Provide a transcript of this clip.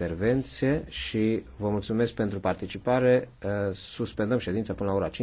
intervenție și vă mulțumesc pentru participare. Suspendăm ședința până la ora 5.